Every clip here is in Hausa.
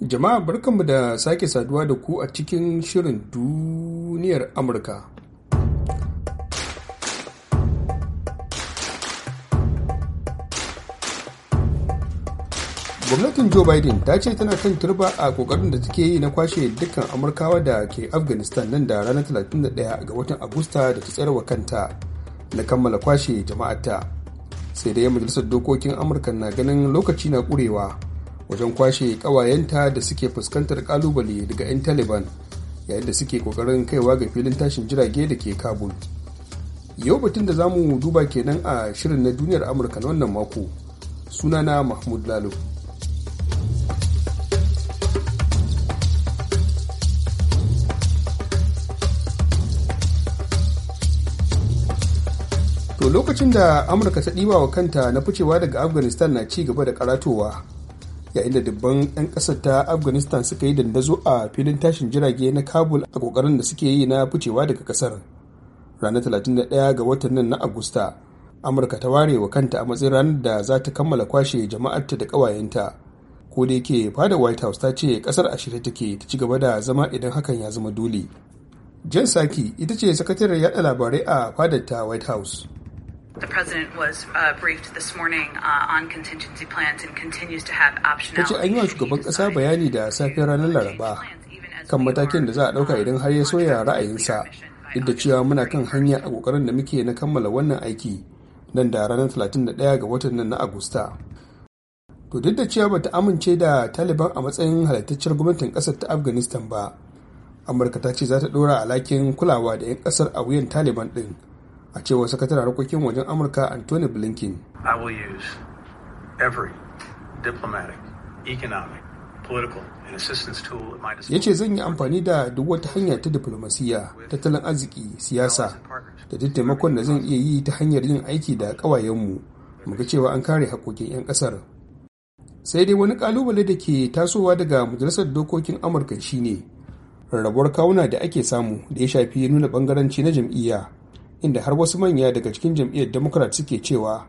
Jama'a barkanmu da sake saduwa da ku a cikin shirin duniyar Amurka. Gwamnatin Joe Biden ta ce tana kan turba a kokarin da take yi na kwashe dukkan Amurkawa da ke Afghanistan nan da ranar 31 ga watan Agusta da ta tsayarwa kanta na kammala kwashe jama'ata. Sai dai Majalisar Dokokin Amurka na ganin lokaci na ƙurewa. wajen kwashe ƙawayenta da suke fuskantar ƙalubale daga 'yan taliban yayin da suke ƙoƙarin kaiwa ga filin tashin jirage da ke kabul yau batun da zamu duba kenan a shirin na duniyar amurka na wannan mako suna na mahmud lalo to lokacin da amurka ta ɗiba wa kanta na ficewa daga afghanistan na ci gaba da karatowa yayin da dubban 'yan ƙasar ta afghanistan suka yi dandazo a filin tashin jirage na kabul a kokarin da suke yi na ficewa daga ƙasar ranar 31 ga watan nan na agusta amurka ta ware wa kanta a matsayin ranar da za ta kammala kwashe jama'arta da kawayenta. ko da yake fada white house ta ce kasar a shirye take ta ci gaba da zama idan hakan ya zama dole jan saki ita ce sakataren yada labarai a fadar ta white house The president was uh, briefed this morning uh, on contingency plans and continues to have optionality. an yi wa shugaban kasa bayani da safiyar ranar Laraba kan matakin da za a ɗauka idan har ya soya ra'ayinsa duk da cewa muna kan hanya a kokarin da muke na kammala wannan aiki nan da ranar 31 ga watan nan na Agusta. To duk da cewa bata amince da Taliban a matsayin halittacciyar gwamnatin ƙasar ta Afghanistan ba, Amurka ta ce za ta ɗora alakin kulawa da 'yan ƙasar a wuyan Taliban ɗin. a cewa sakataren harkokin wajen amurka anthony blinken i ya ce zan yi amfani da duk wata hanya ta diplomasiya tattalin arziki siyasa da duk taimakon da zan iya yi ta hanyar yin aiki da ƙawayenmu muga cewa an kare hakokin 'yan kasar. sai dai wani kalubale da ke tasowa daga majalisar dokokin amurka shine rarrabuwar kawuna da ake samu da ya shafi nuna bangaranci na jam'iyya inda har wasu manya daga cikin jam'iyyar democrat suke cewa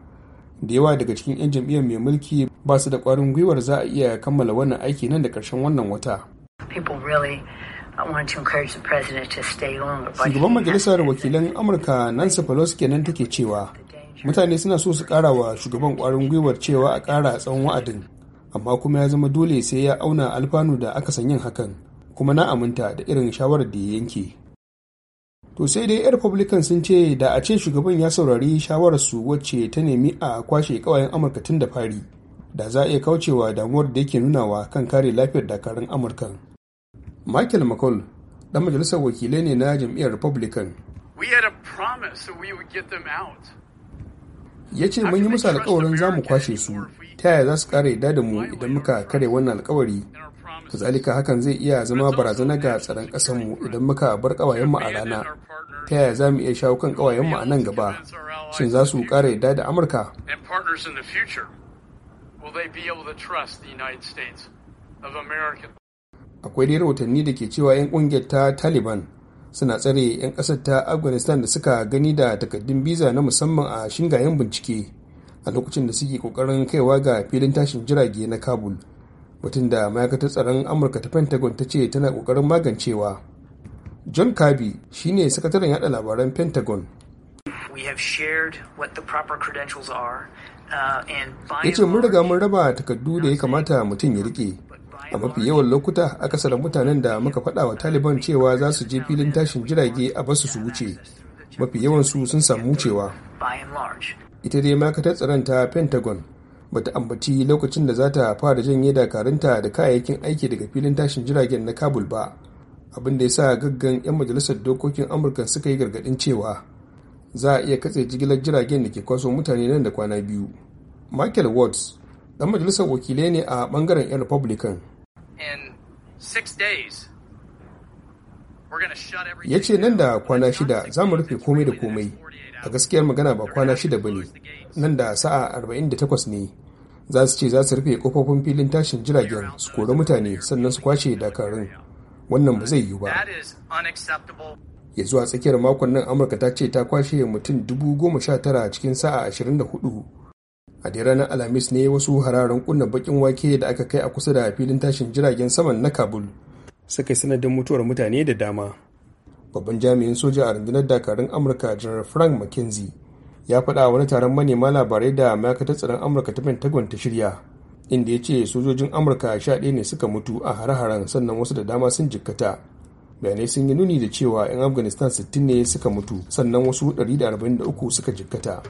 da yawa daga cikin 'yan jam'iyyar mai mulki ba su da kwarin gwiwar za a iya kammala wannan aiki nan da karshen wannan wata shugaban majalisar wakilan amurka nancy pelosi kenan take cewa mutane suna so su kara wa shugaban kwarin gwiwar cewa a kara tsawon wa'adin amma kuma ya zama dole sai ya auna alfanu da aka yin hakan kuma na aminta da irin shawarar da ya yanke to sai dai 'yan republican sun ce da a ce shugaban ya saurari shawarar su wacce ta nemi a kwashe kawayen amurka tun da fari da za a iya kaucewa damuwar da yake nunawa kan kare lafiyar dakarun amurka michael mccall dan majalisar wakilai ne na jam'iyyar republican ya ce mun yi musu alkawarin za mu kwashe su ta yaya za su kara yarda da mu idan muka kare wannan alkawari kazalika hakan zai iya zama barazana ga tsaron mu idan muka bar ƙawayenmu a rana ta yaya za mu iya shawo kan ƙawayenmu a nan gaba shin za su ƙara yarda da amurka akwai dai rahotanni da ke cewa 'yan kungiyar ta taliban suna tsare 'yan ƙasar ta afghanistan da suka gani da takaddun biza na musamman a shingayen bincike a lokacin da suke kokarin kaiwa ga filin tashin jirage na kabul Mutum da ma'aikatar tsaron amurka ta pentagon ta ce tana kokarin magancewa john kirby shine sakataren yada labaran pentagon uh, ya ce mun riga mun raba takardu da ya kamata mutum ya rike a mafi yawan lokuta akasarin mutanen da muka faɗa wa taliban cewa za su je filin tashin jirage a basu su wuce mafi yawan su sun samu wucewa ita dai ma'aikatar tsaron ta pentagon bata ambaci lokacin da za ta fara janye dakarunta da kayayyakin aiki daga filin tashin jiragen na kabul ba abin da ya sa gaggan 'yan majalisar dokokin amurka suka yi gargadin cewa za a iya katse jigilar jiragen da ke kwaso mutane nan da kwana biyu michael watts dan majalisar wakilai ne a ɓangaren 'yan republican ya ce nan da kwana shida za mu rufe komai da komai a gaskiyar magana ba kwana shida ba ne nan da sa'a 48 ne za su ce za su rufe kofofin filin tashin jiragen su kori mutane sannan su kwashe dakarun wannan ba zai yiwu ba ya zuwa tsakiyar makon nan amurka ta ce ta kwashe mutum dubu goma sha tara cikin sa'a ashirin da hudu a dai ranar alhamis ne wasu hararen kunna bakin wake da aka kai a kusa da filin tashin jiragen saman na kabul suka sanadin mutuwar mutane da dama babban jami'in soja a rundunar dakarun amurka janar frank mckenzie ya faɗa wani taron manema labarai da ma'aikatar tsaron amurka ta pentagon ta shirya inda ya ce sojojin amurka sha ɗaya ne suka mutu a hare-haren sannan wasu da dama sun jikkata bayanai sun yi nuni da cewa 'yan afghanistan 60 ne suka mutu sannan wasu 143 suka jikkata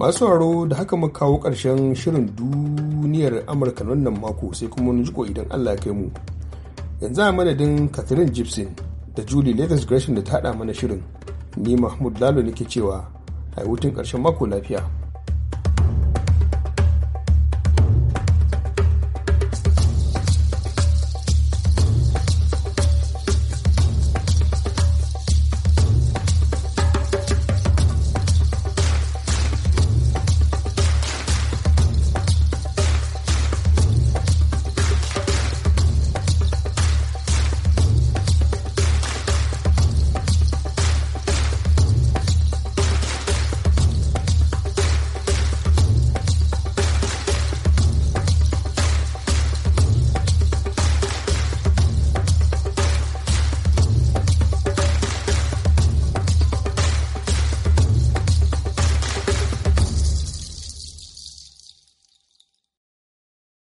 masu sauraro da haka muka kawo ƙarshen shirin duniyar amurka wannan mako sai kuma wani jiko idan allah kai mu yanzu a manadin catherine gibson da julie latest gresham da ta haɗa mana shirin ni mahmud lalo nake cewa a wutun ƙarshen mako lafiya